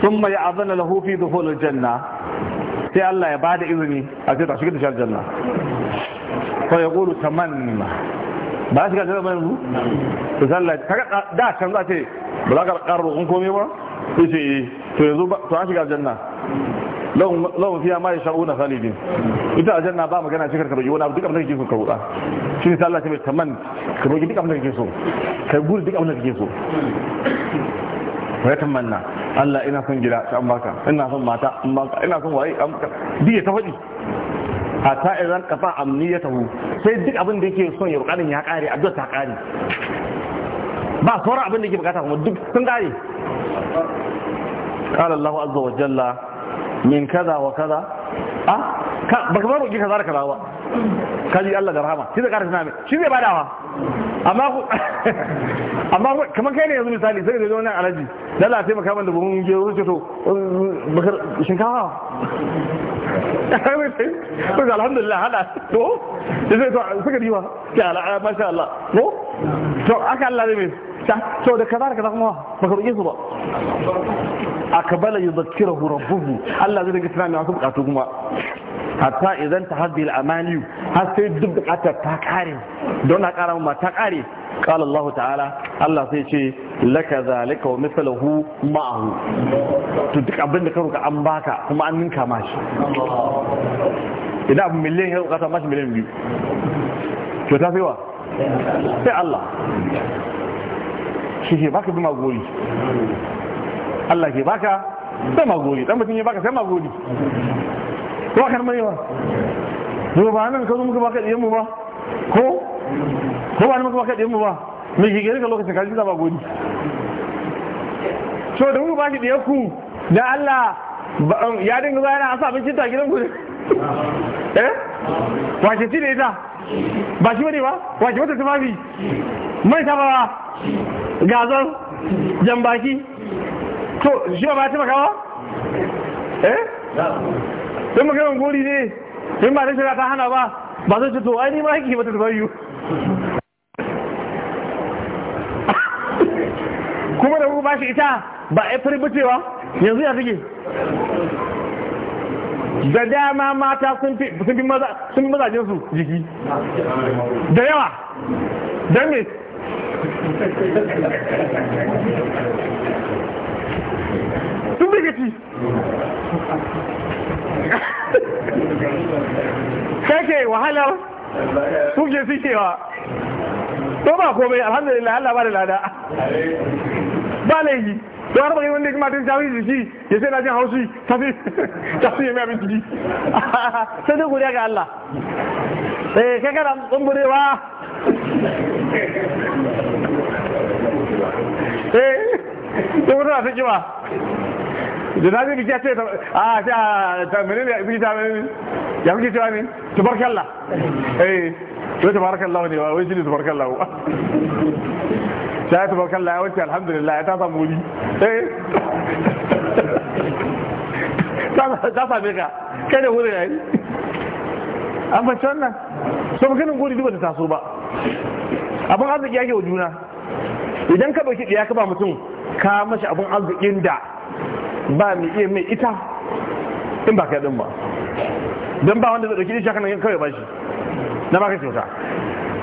ثم يأذن له da دخول janna sai Allah ya ba da izini a ce ta shiga tashar janna ko ya ta tamanna ba su ga ba yanzu to sallah da can za ce ba za ka karar rukun komai ba yace eh to yanzu to an shiga aljanna lahum fiha ma yasha'una khalidin ita aljanna ba magana cikar ka roki wani abu duk abin da kake so ka roƙa shi ne Allah ta mai kaman ka roki duk abin da kake so ka guri duk abin da kake so ya tamanna Allah ina son gida an baka ina son mata an baka ina son waye an baka duk ta faɗi a ta iran kafa amniyatahu sai duk abin da yake son ya roƙa ya ƙare addu'a ta ƙare ba sauran abin da yake bukata kuma duk sun ƙare qala Allahu azza wa jalla min kaza wa kaza ah ka baka ba roki kaza da kaza ba kaji Allah da rahama shi zai karanta nami shi zai badawa amma ku amma ku kai ne yanzu misali sai da zo nan alaji dan Allah sai maka da buhun je wuce to bakar shinkafa ko alhamdulillah to sai diwa ya Allah masha Allah to aka Allah to da kaza kaza kuma baka roƙe su ba akbala yudhakkiruhu rabbuhu Allah zai dinga tunani wasu bukatu kuma A idan tahaddi al-amali har sai duk bukatar ta kare don na kara mu ta kare qala Allah ta'ala Allah sai ce laka zalika wa mithluhu ma'ahu to duk abin da ka an baka kuma an ninka miliyan biyu wa sai Allah shi ke baka bi magori Allah ke baka bi magori dan mutum ya baka sai magori to kan mai wa to ba nan ka zo muka baka diyan mu ba ko ko ba nan muka baka diyan mu ba me ke gare ka lokacin ka ji da magori to da mu baki diyan ku da Allah um, ya dinga bayana yana asa abincin gidan ku eh wace ci ne ta? ba shi bane ba wace wata tufafi mai ta ba gazan jambaki to shi ba ta makawa eh sai maganin gori ne in ba ta shiga ta hana ba ba zai ce to ai ni ma haƙi ba ta tabayu kuma da ba shi ita ba a fari bacewa yanzu ya take da dama mata sun fi mazajensu jiki da yawa don me dubbakati kake wahalar suke sukewa to ba kobe alhamdulillah Allah ba da lada ba laifi don har bakin wanda ya kamata ta wuce jiki ya sai na jin haushi ta fi ta fi yami abin jiki sai dai godiya ga Allah eh kai kana tsumburewa Ee, eh, sai mutum a saki ba jinazi biki ya a ce a tamirin ya ta mai ya fi cewa ne tubarkalla eh wai tubarkalla ne wai shi ne sai tubarkalla ya wuce alhamdulillah ya ta samu wuri eh. ta same ka kai da wuri ya yi an wannan so gori duba ta taso ba abin arziki yake wa juna idan ka ɗauki ɗaya ka ba mutum ka mashi abin arzikin da ba mai iya mai ita in ba ka yadin ba don ba wanda zai ɗauki ɗaya shakanan kawai ba shi na ba ka kyauta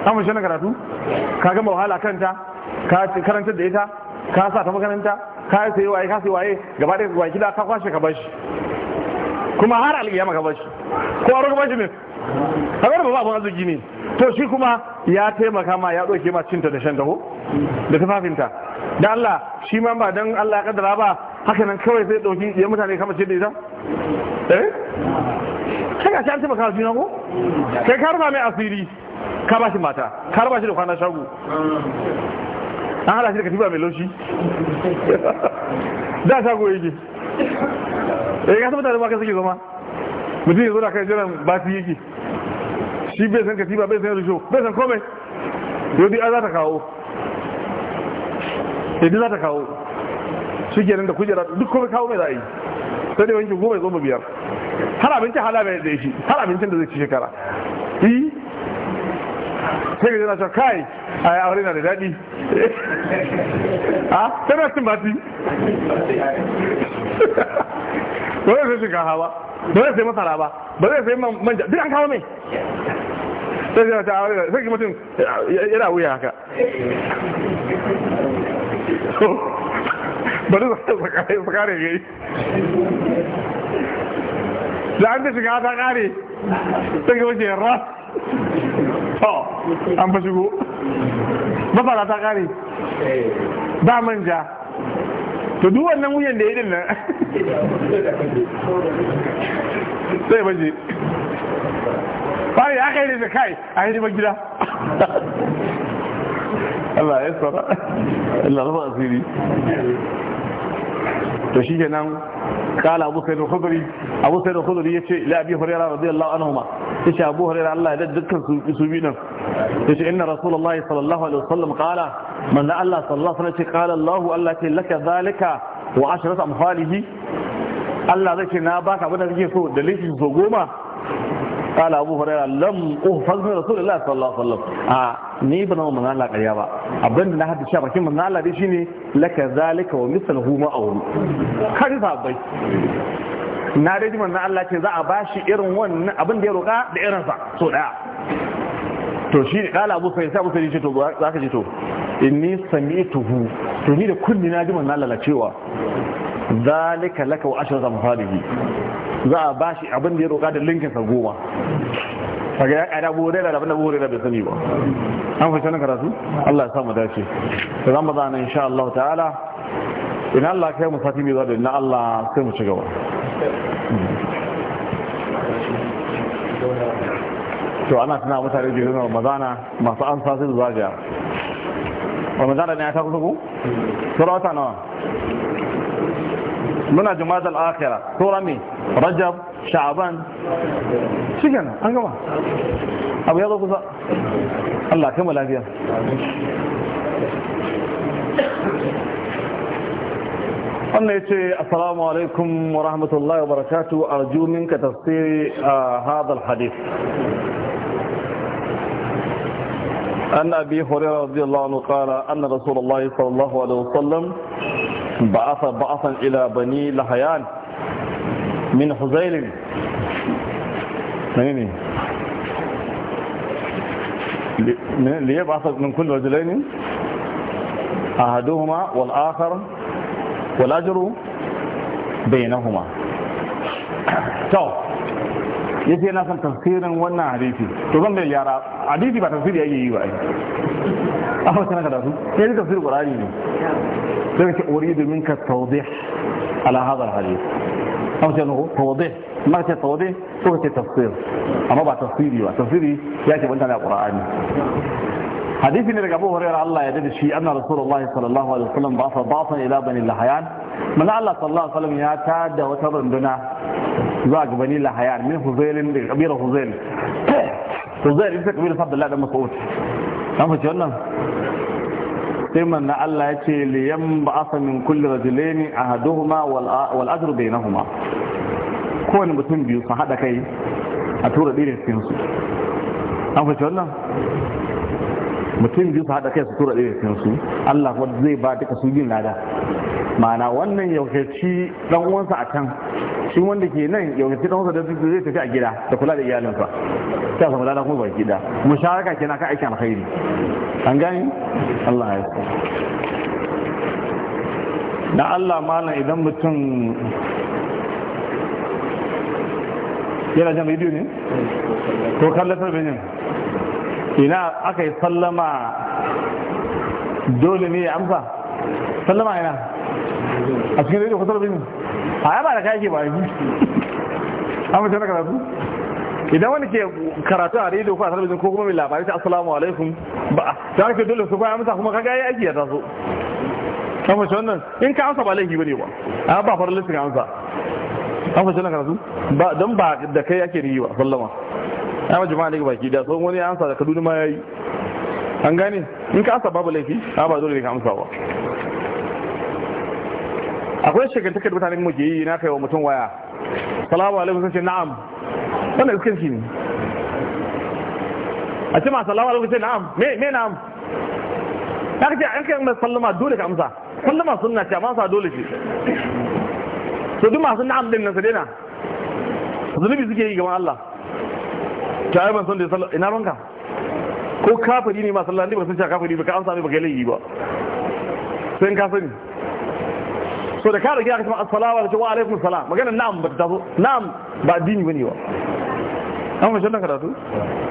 an fashe na karatu ka gama wahala kanta ka karantar da ita ka sa ta makaranta ka yi sayi waye ka sayi waye gaba ɗaya ka kwashe ka bashi kuma har alƙiyama ka shi ko aro ka bashi ne kamar ba abun arziki ne to shi kuma ya taimaka ma ya ɗauke ma cinta da shan taho da tufafinta da Allah shi ma ba dan Allah ya kaddara ba haka nan kawai sai ɗauki ya mutane kama ce da ita eh kai ga shi an taimaka juna ko kai ka rufa mai asiri ka ba shi mata ka rufa shi da kwana shago an hada shi da katiba mai laushi da shago yake eh ka tabbata da ba ka sake zama mutum ya zo da kai jiran ba su yake shi bai san katiba bai san rusho bai san komai yau dai za ta kawo yadda za ta kawo shi nan da kujera duk komai kawo mai za'ayi a yi sai dai wanki goma ya zo biyar har abincin hala bai da shi har abincin da zai ci shekara yi sai ga jana cewa kai a yi aure na da daɗi a tana ah, cin ba wani sai ka hawa ba zai sai masara ba ba zai sai manja duk an kawo mai sai ta ah, sai ki mutum yana wuya haka bari su kare gai da an ta shiga ta kare sai ga wuce ras an fa shigo masara ta kare ba manja to duk wannan wuyan da ya nan sai baje bayan aka yi da kai a hidimar gida Allah ya tsara Allah rufa asiri to shi kenan kala abu sayyid al-khudri abu sayyid al-khudri yace ila abi hurairah radiyallahu anhuma yace abu hurairah Allah ya dukkan su su bi nan yace inna rasulullahi sallallahu alaihi wasallam qala man la Allah sallallahu alaihi wasallam qala Allah Allah ke laka zalika wa ashratu amhalihi Allah zai ce na ba ka abin da kake so da lishin so goma kala abu hurairah lam uhfaz min rasulullahi sallallahu alaihi wasallam a ni ba ban mun Allah kariya ba abinda na haddace a bakin mun Allah dai shine laka zalika wa mithluhu ma aw kari sabai na dai mun Allah ce za a bashi irin wannan abin da ya roka da irin sa so daya to shi kala abu sai sai abu sai ce to zaka ji to inni sami'tuhu to ni da kunni na ji mun Allah cewa zalika laka wa ashra amsalihi za a bashi abin da ya roƙa da linkin sa goma kaga ya kada bu da abin da bu da bai sani ba an fita nan karatu Allah ya sa mu dace to zan bazan insha Allah ta'ala in Allah kai mu sati mai zuwa inna Allah sai mu ci gaba to ana tana mutane jirgin ramadana masu an sa su zagaya ramadana ne ya ta kusa ku? sauran wata nawa من جماد الآخرة تورمي رجب شعبان شكرا أنكما أبي يضو قصة الله كم ولا فيها أنا السلام عليكم ورحمة الله وبركاته أرجو منك تفسير آه، هذا الحديث أن أبي هريرة رضي الله عنه قال أن رسول الله صلى الله عليه وسلم بعث بعثا إلى بني لحيان من حزيل منين ليبعث من كل رجلين أحدهما والآخر والأجر بينهما تو yace na san tafsirin wannan hadisi to zan da yara hadisi ba tafsiri yake yi ba أنا أقول لك يعني أنا تفسير قرآني لكن أريد منك التوضيح على هذا الحديث أهو سنة توضيح ما كنت توضيح هو كنت تفسير أما بعد تفسيري تفسيري يأتي وانت على قرآني حديث اللي رجبوه رير الله يا دادي الشيء أن رسول الله صلى الله عليه وسلم بعصى بعصى إلى بني اللحيان من الله صلى الله عليه وسلم يا تادة وتبر من دونه زاق بني اللحيان من فزيل كبير فزيل فزيل يمسك كبير صد الله دم صوت أما شو sai na Allah ya ce liyan ba'asa min kulli rajulaini ahaduhuma wal ajru bainahuma kowane mutum biyu su haɗa kai a tura dire cikin su an fahimci wannan mutum biyu su haɗa kai su tura dire cikin su Allah kuma zai ba duka su bin lada ma'ana wannan yaushe ci dan uwansa a can shi wanda ke nan yau ci dan da zai tafi a gida da kula da iyalinsa ta samu lalata kuma baki da musharaka kenan kan aikin alkhairi an gani Allah ya na Allah malam idan mutum yana jan bidiyo ne ko kallatar benin ina aka yi sallama dole ne ya amsa sallama yana a cikin rediyo ko talabijin a ya ba da kayake ba yi an mace na karatu idan wani ke karatu a rediyo ko a talabijin ko kuma mai labari ta asalamu alaikum ba ta ake dole su kwaya masa kuma kaga ya aiki ya taso an mace wannan in ka amsa ba laifi ne ba a ba farin lissin amsa an mace na karatu don ba da kai ake yi ba sallama ya ma jama'a ne baki da tsohon wani amsa da kaduna ma ya yi an gane in ka amsa babu laifi a ba dole ne ka amsa ba akwai shigantakar takar mutane muke yi na kai wa mutum waya salamu alaikum sun ce na'am wannan shi ne a ce ma salamu alaikum sai na'am me me na'am ta kace an kai mai sallama dole ka amsa sallama sunna ce amma sa dole ce to duk masu na'am din nan su daina zunubi suke yi gaban Allah ta sun da ya sallama ina ranka ko kafiri ne masu sallama ne ba sun ce kafiri ba ka amsa ne ba yi laifi ba sai ka sani so da kare gida ka kuma assalamu alaikum wa alaikum salam magana nam ba ta taso na'am ba addini bane wa an fashe da karatu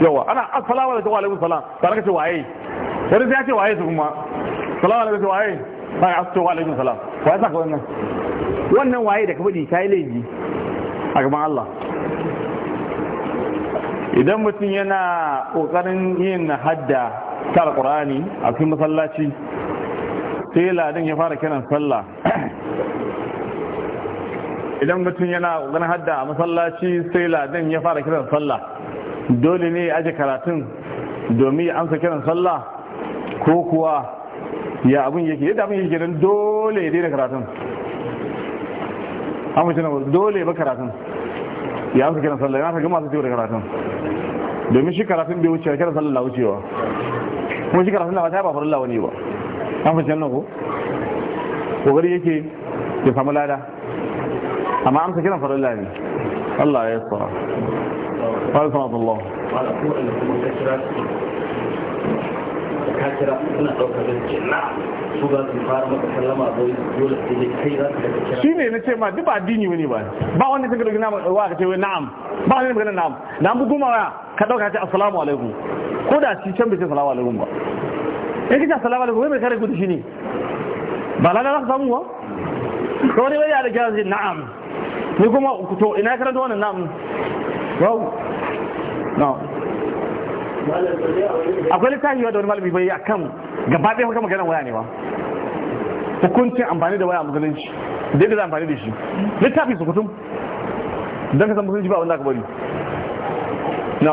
yawa ana assalamu alaikum wa alaikum salam ba ka ce waye wani sai ce waye su kuma salamu alaikum waye ba ya ce wa alaikum salam ya saka wannan wannan waye da ka faɗi kai laifi a gaban Allah idan mutum yana ƙoƙarin yin hadda ta alƙur'ani a cikin masallaci sai ladan ya fara kiran sallah idan mutum yana ganin hadda a masallaci sai ladan ya fara kiran sallah dole ne ya aje karatun domin ya amsa kiran sallah ko kuwa ya abin yake yadda abin yake don dole ya daina karatun an mace dole ba karatun ya amsa kiran sallah yana gama masu ciwo da karatun domin shi karatun bai wuce kiran sallah wucewa kuma shi karatun da ba ta ba farin lawani ba an fi nan ko kokari yake ya samu lada amma amsa kiran farilla ne Allah ya tsara wani sama Allah ka kira suna ɗaukar da na su ga su fara maka sallama zo dole ke dai kai za ka kira shi ne na ce ma duk ba addini wani ba ba wanda suka dauki nama wa ka ce wai na'am ba wanda magana na'am na'am goma ka dauka ta asalamu alaikum ko da shi can bai ce alaikum ba in kace assalamu alaikum wai me kare gudu shine ba lana za ka samu ba ko wani bai da kira zai na'am ni kuma to ina karanta wannan na'am wow na'am akwai littafi da wani malami bai akan gaba ɗaya kuma ganin waya ne ba hukuncin amfani da waya a musulunci da yadda za amfani da shi littafi su kutum don ka san musulunci ba wanda ka bari na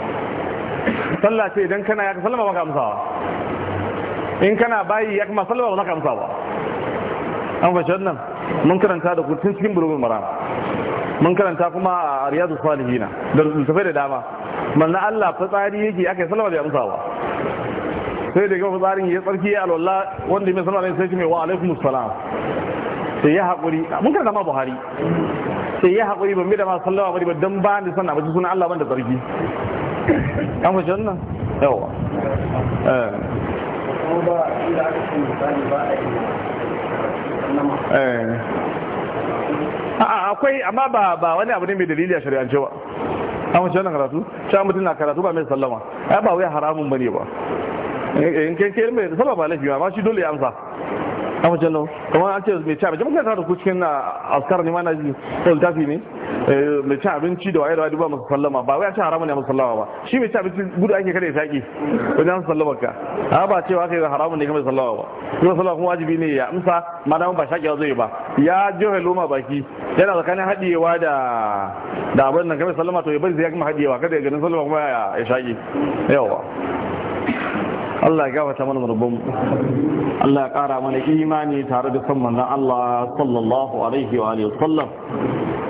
sallah ce idan kana ya sallama baka amsawa in kana bayi ya kuma sallama ba ka amsawa an fashe wannan mun karanta da tun cikin bulugul maram mun karanta kuma a riyadu salihina da littafai da dama manna Allah fitsari yake aka sallama da amsawa sai da gaba fitsarin ya tsarki ya alwala wanda mai sallama ne sai shi mai wa alaikumus salam sai ya haƙuri mun karanta ma buhari sai ya haƙuri ban da ma sallama bari ba dan ba ni sannan, ba sunan Allah ban da tsarki an a'a akwai amma ba wani abu ne mai dalili a shari'ance ba an wuce wannan karatu sha mutum e na karatu ba e mai e, sallama ai ba haramun bane ba in ma shi dole ya amsa amma jallo kamar an ce mai ci abinci muka da ku cikin askar ah, ne ma na ji ko littafi ne eh, mai ci abinci da waye da waye ba masu sallama ba wai a ce haramun ne masu sallama ba shi mai ci abinci gudu ake kada ya saki wajen masu sallama ka a ba cewa kai haramun ne kamar sallama ba kuma sallama kuma wajibi ne ya amsa madaman ba shakiya zai ba ya jiho loma baki yana tsakanin haɗiyewa da da abin nan kamar sallama to ya bari sai ya kuma haɗiyewa kada ya ganin sallama kuma ya shaki yawa Allah ya gafata mana rubun Allah ya kara mana imani tare da kan manzon Allah sallallahu alaihi wa alihi wasallam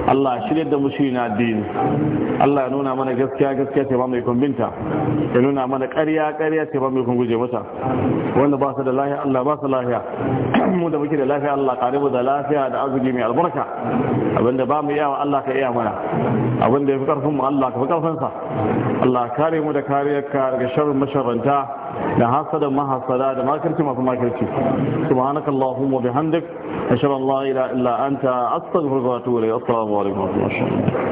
Allah shirye da mushi na addini Allah ya nuna mana gaskiya gaskiya ce ba mai kumbinta ya nuna mana ƙarya ƙarya ce ba mai kun guje mata wanda ba su da lafiya Allah ba su lafiya mu da muke da lafiya Allah karibu da lafiya da arziki mai albarka abinda ba mu iyawa Allah ka iya mana abinda ya fi karfin mu Allah ka fi karfin sa Allah kare mu da ka daga sharrin masharanta da hasada mahasada da makirci masu makirci subhanakallahumma bihamdik ashhadu an la ilaha illa anta astaghfiruka wa atubu ilayk assalamu alaikum